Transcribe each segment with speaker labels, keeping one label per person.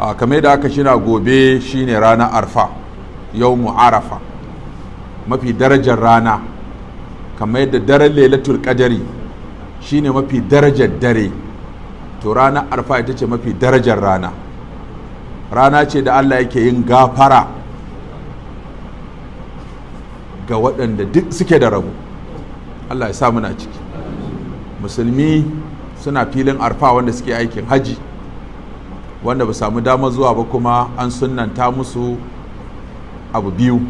Speaker 1: a kame da aka shina gobe shine ranar arfa yau arafa mafi darajar rana kamar yadda daren lailatul shi shine mafi darajar dare to ranar arfa ita ce mafi darajar rana rana ce da allah yake yin gafara ga waɗanda duk suke da rabu allah ya sa muna ciki musulmi suna filin arfa wanda suke aikin hajji wanda ba samu dama zuwa ba kuma an sunanta musu abu biyu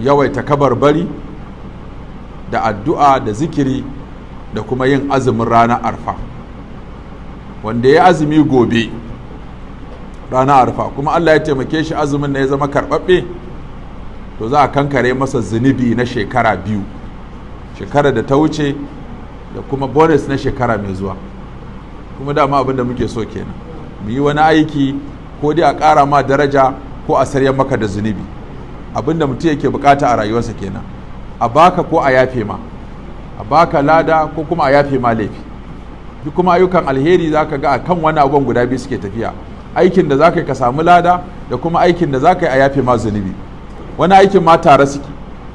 Speaker 1: yawaita bari da addu'a da zikiri da kuma yin azumin rana arfa wanda ya azumi gobe rana arfa kuma allah ya taimake shi azumin na ya zama karɓaɓɓe to za a kankare masa zunubi na shekara biyu shekara da ta wuce da kuma bonus na shekara mai zuwa kuma dama abin da muke so kenan mu yi wani aiki ko dai a ƙara ma daraja ko a sarya maka da zunubi abinda mutum yake bukata a rayuwarsa kenan a baka ko a yafe ma a baka lada ko kuma a yafe ma laifi bi kuma ayyukan alheri za ka ga a kan wani abubuwan guda biyu suke tafiya aikin da za ka yi ka samu lada da kuma aikin da za ka yi a yafe ma zunubi wani aikin ma tare suke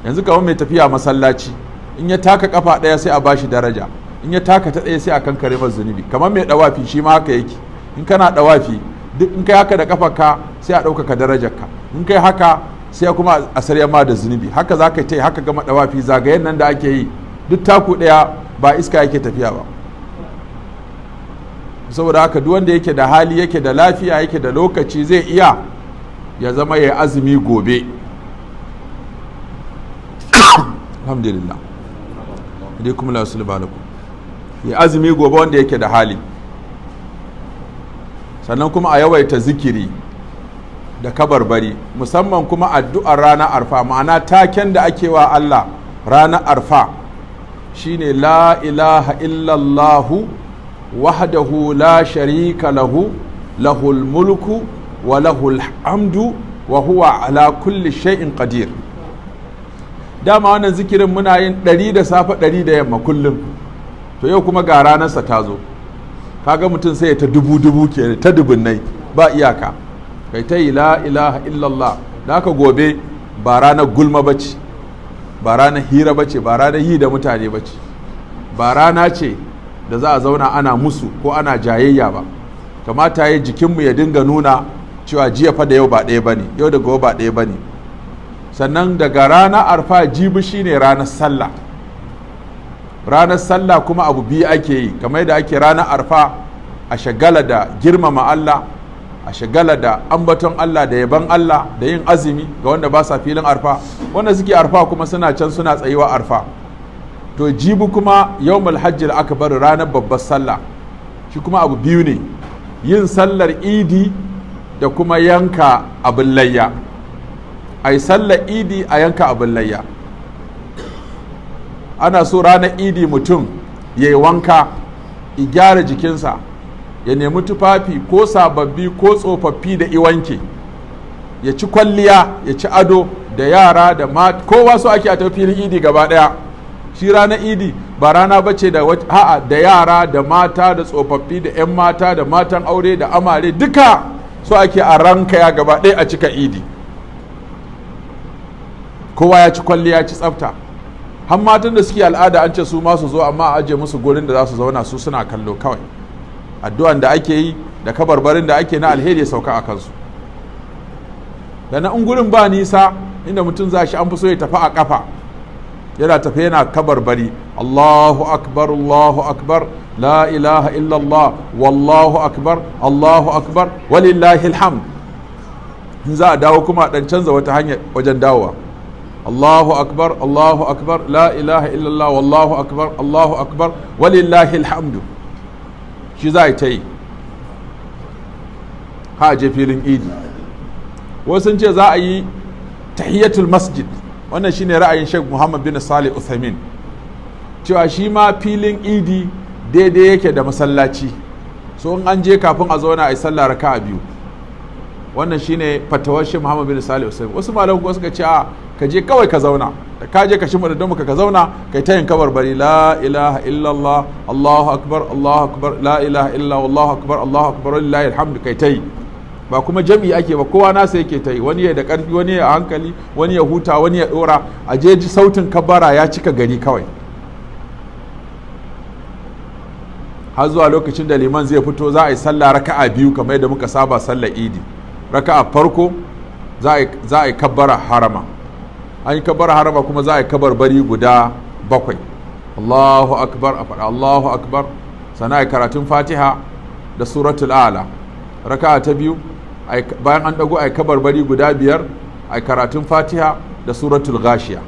Speaker 1: yanzu kamar mai tafiya masallaci in ya taka kafa ɗaya sai a bashi daraja in ya taka ta ɗaya sai a kankare ma zunubi kamar mai ɗawafi shi ma haka yake in kana dawafi duk in kai haka da kafarka sai a ɗaukaka darajarka in kai haka sai kuma a sarya ma da zunubi haka za ka yi haka gama dawafi zagayen nan da ake yi duk taku ɗaya ba iska yake tafiya ba saboda haka duk wanda yake da hali yake da lafiya yake da lokaci zai iya ya zama ya azumi gobe alhamdulillah ya azumi gobe wanda yake da hali sannan kuma a yawaita zikiri da kabarbari musamman kuma addu'ar ranar arfa ma'ana taken da ake wa Allah ranar arfa shine la ilaha illallahu wahdahu la sharika lahu lahul mulku wa lahul hamdu wa huwa ala kulli shay'in qadir dama wannan zikirin muna yin ɗari da safe ɗari da yamma kullum to yau kuma ga ranarsa ta zo Ka ga mutum sai ta dubu dubu ke ta dubunnai ba iyaka kai ta yi la ilaha illallah da aka gobe ba ranar gulma ba ce ba ranar hira ba ce ba ranar yi da mutane ba ce ba rana ce da za a zauna ana musu ko ana jayayya ba kamata ya jikinmu ya dinga nuna cewa jiya fa da yau ba ɗaya ba ne yau da gobe ba ɗaya ba ne sannan daga rana arfa jibi shine ranar sallah ranar sallah kuma abu biyu ake yi kamar da ake ranar arfa a shagala da girmama Allah a shagala da ambaton Allah da yaban Allah da yin azumi ga wanda ba sa filin arfa wanda suke arfa kuma suna can suna tsayuwa arfa to jibu kuma yau da aka bari ranar babbar sallah shi kuma abu biyu ne yin sallar idi da kuma yanka abin layya ai sallar idi a yanka abin layya ana so ranar idi mutum ya yi wanka ya gyara jikinsa ya nemi tufafi ko sababbi ko tsofaffi da iwanke ya ci kwalliya ya ci ado da yara da kowa so ake a tafiyar idi gaba daya shi ranar idi ba rana ba ce da da yara da mata da tsofaffi da 'yan mata da matan aure da amare duka so ake a ranka ya gaba ɗaya a cika idi kowa ya ci kwalliya ya ci tsafta har matan da suke al'ada an ce su ma su zo amma a aje musu gurin da za su zauna su suna kallo kawai addu'an da ake yi da kabarbarin da ake na alheri ya sauka a kansu da na ungurin ba nisa inda mutum za shi an fi so ya tafi a kafa yana tafi yana kabarbari Allahu akbar Allahu akbar la ilaha illallah wallahu akbar Allahu akbar walillahi alhamd in za a dawo kuma a dan canza wata hanya wajen dawowa Allahu akbar Allahu akbar la ilaha illallah wallahu akbar Allahu akbar walillahi alhamdu shi za ta yi ha je filin idi wasu ce za a yi tahiyatul masjid wannan shine ra'ayin Sheikh Muhammad bin Salih Uthamin cewa shi ma filin idi daidai yake da masallaci Su in an je kafin a zauna a yi sallah raka'a biyu wannan shine fatawar shi Muhammad bin Salih wasu malamu kuma suka ce a ka je kawai ka zauna da ka je ka shi da maka ka zauna kai ta yin kabar bari la ilaha illallah Allahu akbar Allahu akbar la ilaha illa Allahu akbar Allahu akbar lillahi alhamdu kai ta yi ba kuma jami'i ake ba kowa nasa yake ta yi wani ya da karfi wani ya hankali wani ya huta wani ya dora a je ji sautin kabara ya cika gari kawai har zuwa lokacin da liman zai fito za a yi sallah raka'a biyu kamar yadda muka saba sallar idi raka'a farko za a yi kabbara harama an yi kabbara harama kuma za a yi kabar bari guda bakwai allahu akbar a faɗa allahu akbar sana a karatun fatiha da suratul ala raka'a ta biyu bayan an ɗago a yi kabar bari guda biyar a karatun fatiha da suratul gashiya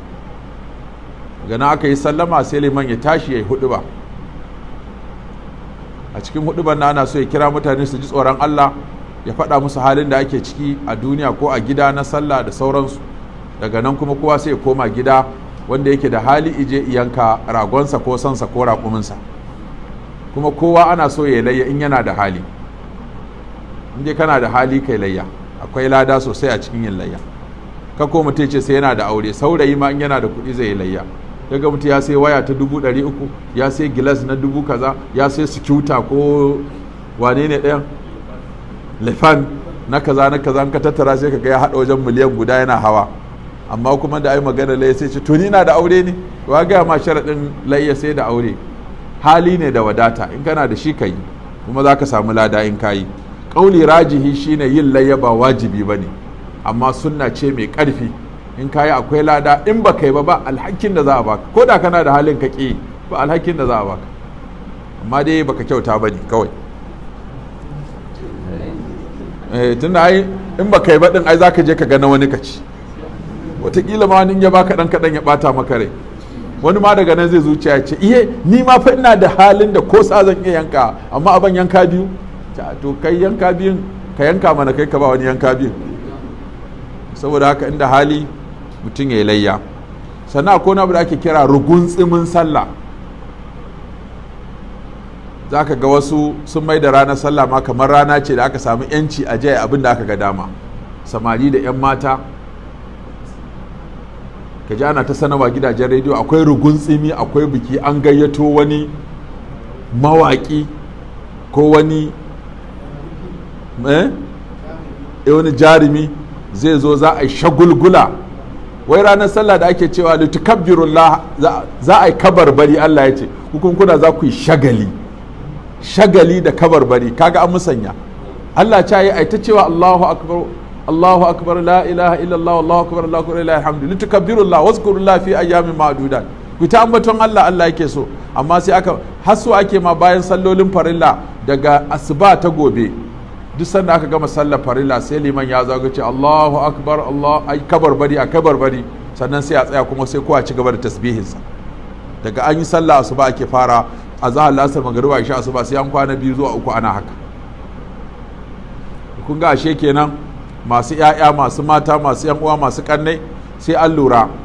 Speaker 1: gana aka yi sallama sai liman ya tashi ya yi hudu ba a cikin hudu na ana so ya kira mutane su ji tsoron allah ya faɗa musu halin da ake ciki a duniya ko a gida na sallah da sauransu daga nan kuma kowa sai ya koma gida wanda yake da hali ije iyanka ragonsa ko sansa ko raƙuminsa kuma kowa ana so ya layya in yana da hali in dai kana da hali kai layya akwai lada sosai a cikin yin layya ka ko mutum ce sai yana da aure saurayi ma in yana da kuɗi zai layya daga mutum ya sai waya ta dubu ɗari uku ya sai gilas na dubu kaza ya sai sikuta ko wane ne ɗayan lefan na kaza na kaza ka tattara sai kaga ya haɗa wajen miliyan guda yana hawa amma kuma da ai magana laye sai ce tuni na da aure ne wa gaya ma sharadin layya sai da aure hali ne da wadata in kana da shi kayi kuma zaka samu lada in kayi kauli rajihi shine yin layya ba wajibi ba ne amma sunna ce mai karfi in kai akwai lada in ba kai ba ba alhakin da za a baka ko da kana da halin ka ƙi ba alhakin da za a baka amma dai baka kyauta bane kawai tun eh, tunda ai in ba ka yi baɗin ai zaka je ka ga wani ka ci wataƙila ma wani ya ka ɗan kaɗan ya ɓata maka rai wani ma daga nan zai zuciya ya ce iye ni ma fa ina da halin da ko sa zan iya yanka amma aban yanka biyu to kai yanka biyun ka yanka mana kai ka ba wani yanka biyun saboda haka inda hali mutum ya yi layya sannan akwai wani abu da ake kira rugun tsimin sallah za ka ga wasu sun mai da ranar sallah ma kamar rana ce da aka samu yanci a jaya abin da aka ga dama samari da 'yan mata ka ji ana ta sanarwa gidajen rediyo akwai rugun tsimi akwai biki an gayyato wani mawaƙi ko wani eh, eh wani jarumi zai zo za a yi shagulgula wai ranar sallah da ake cewa litukabbirullah za a yi bari Allah ya ce kuna za ku yi shagali shagali da kabarbari kaga an musanya Allah ta yi aita cewa Allahu akbar Allahu akbar la ilaha illallah Allahu akbar la ilaha alhamdu litukabbirullahi wazkurullah fi ayyamin ma'dudat ku ta ambaton Allah Allah yake so amma sai aka hasu ake ma bayan sallolin farilla daga asuba ta gobe duk sanda aka gama sallar farilla sai liman ya zago ce Allahu akbar Allah ai bari a bari sannan sai a tsaya kuma sai kowa ci gaba da tasbihinsa daga an yi sallah asuba ake fara a zahar lasar magariba isha asuba sai an kwana biyu zuwa uku ana haka kun ga ashe kenan masu 'ya'ya masu mata masu yan uwa masu kannai sai an lura